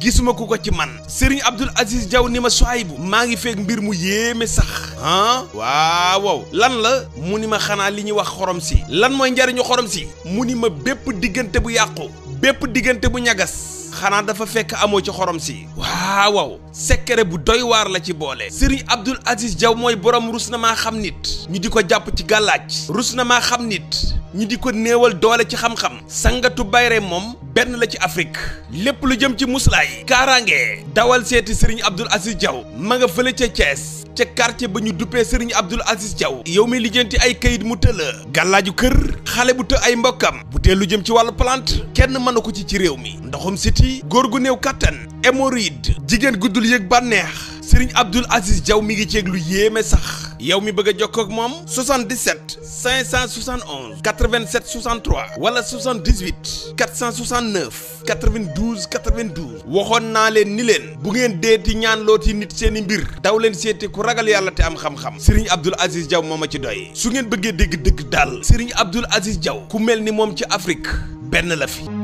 gisuma ku ko ci man Serigne Abdoul Aziz Diaw ni ma bu maa ngi feeg mbir mu yéeme sax ah waaw lan la mu ni ma xanaa li ñuy wax xorom si lan mooy njariñu xorom si mu ni ma bépp diggante bu yàqu bépp diggante bu ñagas xanaa dafa fekk amoo ci xorom si waaw secret bu doy waar la ci boole Serigne Abdoul Aziz jaw mooy borom rus na maa xam nit ñu di ko jàpp ci gàllaaj rus na maa xam nit ñi di ko néewal doole ci xam-xam sangatu bayre moom benn la ci Afrique lépp lu jëm ci muslaay kaaraange dawal seeti Serigne Abdoul Aziz Diaw ma nga fële ca cees ca quartier ba ñu duppee Serigne Abdoul Aziz Diaw yow mi lijjanti ay kayit mu tëla gàllaaju kër xale bu të ay mbokkam bu lu jëm ci wàllu plante kenn mënu ko ci ci réew mi ndoxum siti góor gu néew kattan hémorroïde jigéen guddul yëg bànneex Serigne Abdoul Aziz Diaw mi ngi ceeg lu yéeme sax yow mi bëgg a jokkoo ak moom 77 571 87 63 wala 78 469 waxoon naa leen ni leen bu ngeen deeti ñaan yi nit seeni mbir daw leen seeti ku ragal yàlla te am xam-xam Serigne Abdoul Aziz jaw moom a ci doy su ngeen bëggee dégg dëgg daal Serigne Abdoul Aziz jaw ku mel ni moom ci Afrique benn la fi.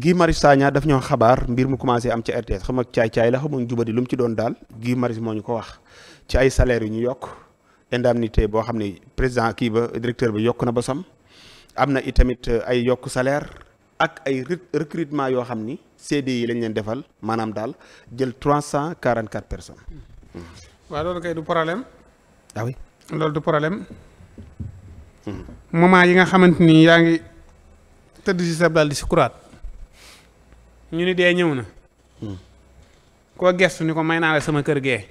Guy Marius Sagna daf ñoo xabaar mbir mu commencé am ci RTS xamuñ jubadi lu mu ci doon daal Guy Marius moo ñu ko wax ci ay salaire yu ñu yokk indemnité boo xam ne président kii ba directeur bi yokk na ba am na itamit euh, ay yokk salaire ak ay recrutement yoo xam ni CDI lañ leen defal maanaam daal jël trois cent quarante quatre personnes. Hmm. waaw loolu kay du problème. ah oui loolu du problème. Hmm. moment yi nga xamante yaa ngi tëdd si sab daal di si kuraat ñu ni dee ñëw na hmm. koo gestu ni ko may naa la sama kër gee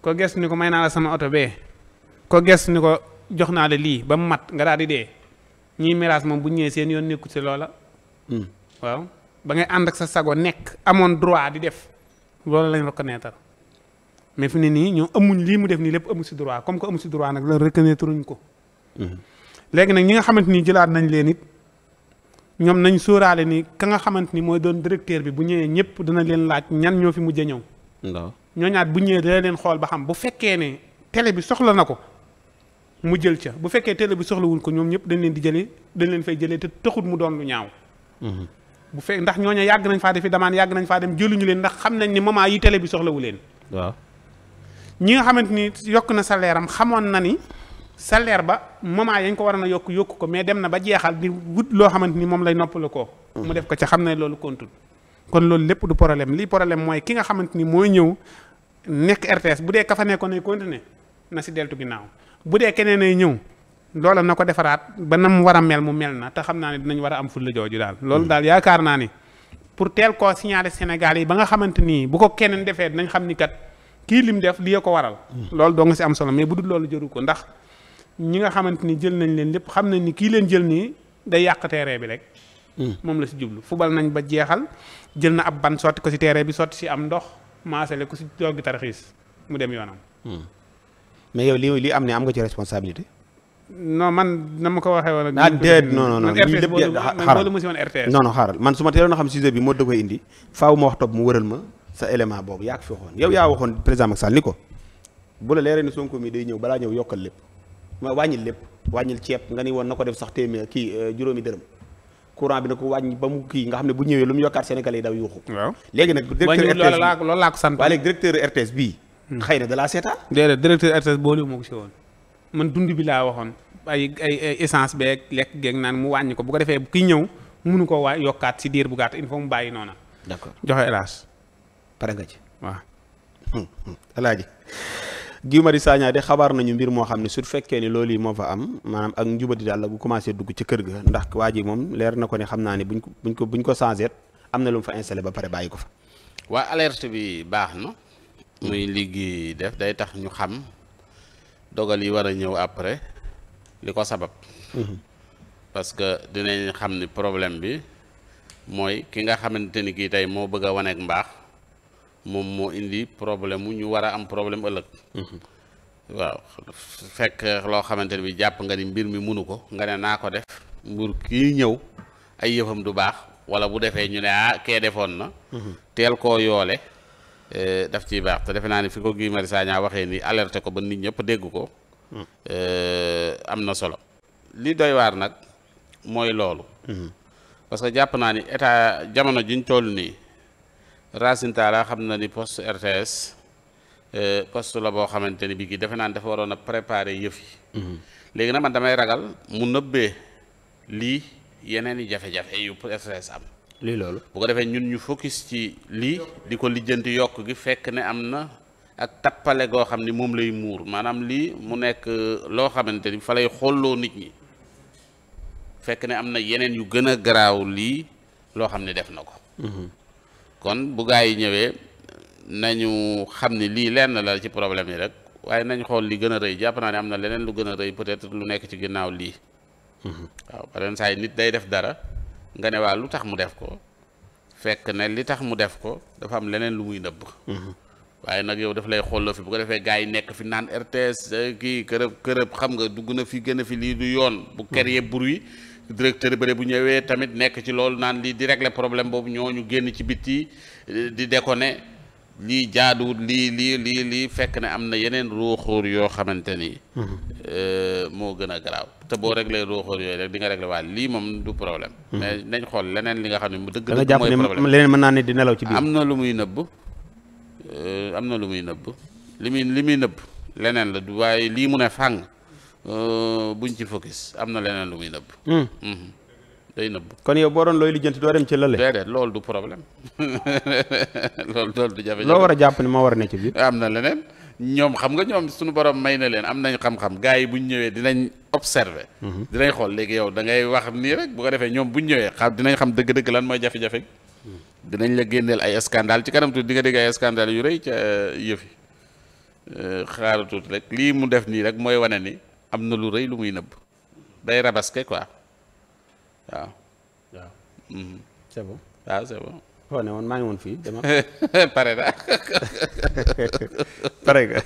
koo gestu ni ko may naa la sama oto bee koo gestu ni ko jox naa la lii ba mu mat nga daal di dee ñiy miraas moom bu ñëwee seen yoon nekkut si loola hmm. waaw ba ngay ànd ak sa sago nekk amoon droit di def loolu lañ reconnaître mais fi ne nii ñoo amuñ lii mu def nii lépp amu si droit comme que amu si droit nag la reconnaître uñ ko hmm. léegi nag ñi nga xamante ni jëlaat nañ leen it ñoom nañ sóoraale ni ka nga xamante ni mooy doon directeur bi bu ñëwee ñëpp dana leen laaj ñan ñoo fi mujj a ñëw. waaw ñooñaat bu ñëwee dana leen xool ba xam bu fekkee ne télé bi soxla na ko mu jël ca bu fekkee télé bi soxlawul ko ñoom ñëpp dañ leen di jëlee dañ leen fay jëlee te taxut mu doon lu ñaaw. Mhm. bu fekk ndax ñooña yàgg nañ faa defi demande yàgg nañ faa dem jëluñu leen ndax xam nañ ni moment yi télé bi soxlawu leen. waaw ñi nga xamante ni yokk na sa am xamoon na ni salaire ba moment yañ ko war a na yokk yokku ko mais dem na ba jeexal di wut loo xamante ni moom lay noppaloo ko. mu def ko ca xam ne loolu kontul kon loolu lépp du problème lii problème mooy ki nga xamante ni mooy ñëw nekk RTS bu dee ka fa nekkoon ay continuer na si deltu ginnaaw bu dee keneen ay ñëw loola na ko defaraat ba na mu war a mel mu mel na te xam naa ne dinañ war a am fulla jooju daal. loolu daal yaakaar naa ni pour teel koo signaler Sénégal yi ba nga xamante ni bu ko keneen defee dinañ xam ni kat kii lim def lii ko waral. Hmm. loolu doo si am solo mais bu loolu jëru ko ndax. ñi nga xamante ni jël nañ leen lépp xam nañ ni kii leen jël nii day yàq terrain bi rek. Hmm. moom la si jublu fubal nañ ba jeexal jël na ab ban sotti ko si terrain bi sotti si am ndox maasale ko si doggi tarxiis mu dem yoonam. Hmm. mais yow li li am ne am nga ci responsabilité. man na ko waxee woon. ah déedéet non non non man su ma teeloon a xam sujet bi moo da koy indi faaw ma wax topp mu wëral ma sa élément boobu yaa ko fi waxoon yow yaa waxoon président Macky Sall ni ko bu la leeree ni Sonko mi day ñëw balaa ñëw yokkal lépp. ma wàññil lépp wàññil ceeb nga ni woon na ko def sax téeméer kii euh, juróomi dërëm courant bi na ko wàññ ba mu kii nga xam ne bu ñëwee lu mu yokkaat sénégalais yi daw yuuxu waaw léegi nag directeur RTS loolu laa ko sant waaye léegi directeur RTS bii hmm. xëy na da laa seetaan déedéet directeur RTS boolu moo ko si woon man dund bi laa waxoon ay essance essence beeg lekk geeg naan mu wàññi ko bu ko defee ki ñëw mënu ko waa yokkaat si diir bu gàtt il faut mu bàyyi noona d'accord joxe hélas pare nga ci waaw hmm, hmm. Guy Marius Sagna de xabaar nañu mbir moo xam ne su fekkee ni loolu yi moo fa am maanaam ak njubadi daal la gu commencé dugg ci kër ga ndax waa ji moom leer na ko ne xam naa ne buñ ko buñ ko buñ ko changé am na lu mu fa installé ba pare bàyyi ko fa. waa alerte bi baax na. muy liggéey def day tax ñu xam dogal yi war a ñëw après li ko sabab. Mhm. parce que dinañ xam ni problème bi mooy ki nga xamante ni kii tey moo bëgg a waneeg mbaax. moom moo indi problème mu ñu war a am problème ëllëg. Mhm. waaw fekk loo xamante ne bi jàpp nga ni mbir mi munu ko nga ne naa ko def mbur kii ñëw ay yëfam du baax wala bu defee ñu ne ah kee defoon na. Mhm. teel ko yoole eh, daf ciy baax te defe naa ne fi ko Guy Marius Sagna waxee ni alerté ko ba nit ñëpp dégg ko. Mhm. Eh, am na solo. li doy waar nag mooy loolu. parce que jàpp naa ni état jamono jiñ toll nii. Racine Talla xam na ni poste RTS euh, poste la boo xamante ni bi kii defe naan dafa waroon a préparer yëf yi. Mhm. léegi nag man damay ragal mu nëbbee lii yeneen i jafe-jafe yu RTS am. lii loolu bu ko defee ñun ñu focus ci lii di ko lijjanti yokk gi fekk ne am na ak tappale goo xam ni moom lay muur maanaam lii mu nekk euh, loo xamante ni fa lay xolloo nit ñi fekk ne am na yeneen yu gën a garaaw lii loo xam ne def na ko. Mhm. kon bu gaa yi ñëwee nañu xam ni lii lenn la ci problème yi rek waaye nañ xool li gën a rëy jàpp naa ne am na leneen lu gën a rëy peut-être lu nekk ci ginnaaw lii. Mhm. waaw paren saa yi nit day def dara nga ne waa lu tax mu def ko fekk ne li tax mu def ko dafa am leneen lu muy nëbb. Mhm. waaye nag yow daf lay xooloo fi bu ko defee gars yi nekk fi naan RTS kii kërëb kërëb xam nga dugg na fi gën a fi lii du yoon. bu mhm. créer bruit. directeur bëre bu ñëwee tamit nekk ci loolu naan lii di régler problème boobu ñu génn ci biti eh, di ne lii jaaduwut lii lii lii lii fekk ne am na yeneen ruuxóor yoo xamante ni. Mm-hmm. Eh, moo gën a garaaw te boo régler ruuxóor yooyu rek di nga régler waa lii moom du problème. Mm-hmm. mais nañ xool leneen li nga xam ne mu dëgg. dëgg mooy problème leneen mën naa ne di nelaw ci biir. am na lu muy nëbb eh, na lu muy nëbb li muy li muy nëbb leneen la du waaye lii mu ne fàng. Euh, buñ ci focus am na leneen lu muy nëbb. Hmm. Mhm. day nëbb. kon yow boo doon looy lijjanti doo dem ci lële. déedéet loolu du problème loolu loolu du jafe-jafe. loo war a jàpp ni moo war a ne ci biir. am na leneen ñoom xam nga ñoom suñu borom may na leen am nañ xam-xam gars yi buñ ñëwee dinañ observer. Mhm. dinañ xool léegi yow da ngay wax nii rek bu defee ñoom buñ ñëwee xam dinañ xam dëgg-dëgg lan mooy jafe-jafe. Hmm. dinañ la génneel ay scandale ci kanam tuuti di nga dégg ay scandale yu rey ca euh, yëf yi euh, xaaral tuuti rek lii mu def nii rek mooy wane ni am na lu rëy lu muy nëbb day rabaske quoi waaw. waaw. Mhm. c'est bon waaw c'est bon. foo ne woon maa ngi woon fii dama. pare na pare nga.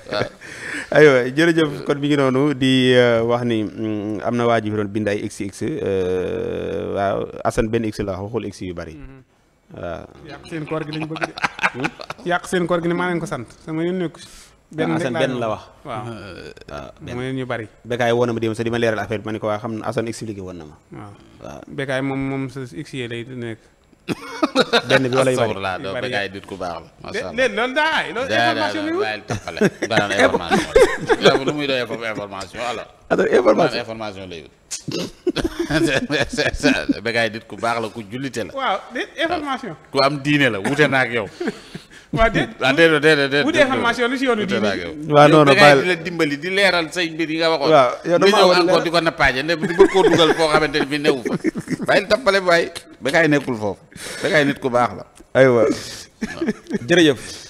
aywa jërëjëf kon mi ngi noonu di euh, wax ni mm, am na waa ji fi doon bind ay xx euh, waaw Assane benn x la wax waxul x yu bari. Mhm. yàq seen koor gi ne hmm? maa leen ko sant sama yoon nekku benn ah, Assane la wax. waaw ah, ah, benn ñu bari. Bekkaay woon na ma dem sa di ma leeral affaire bi ma ne ko waa xam na Assane expliqué woon na ma. waaw Bekkaay moom moom sa ex lay nekk. Bekkaay dit ku baax la. macha muy doon information alors. ku baax la ku jullite la. waaw ku am diine la wute na ak yow. waa déet waa ah, déet déet déet bu dee formation lu si yoonu diine waaw non non bàyyi la dimbali di leeral say mbir yi nga waxoon waaw yow dama ñëw encore di ko nappaaje ne di bëgg koo dugal foo xamante ne bi newu fa bàyyi tappale bi waaye ba kaay nekkul foofu ba kaay nit ku baax la aywa jërëjëf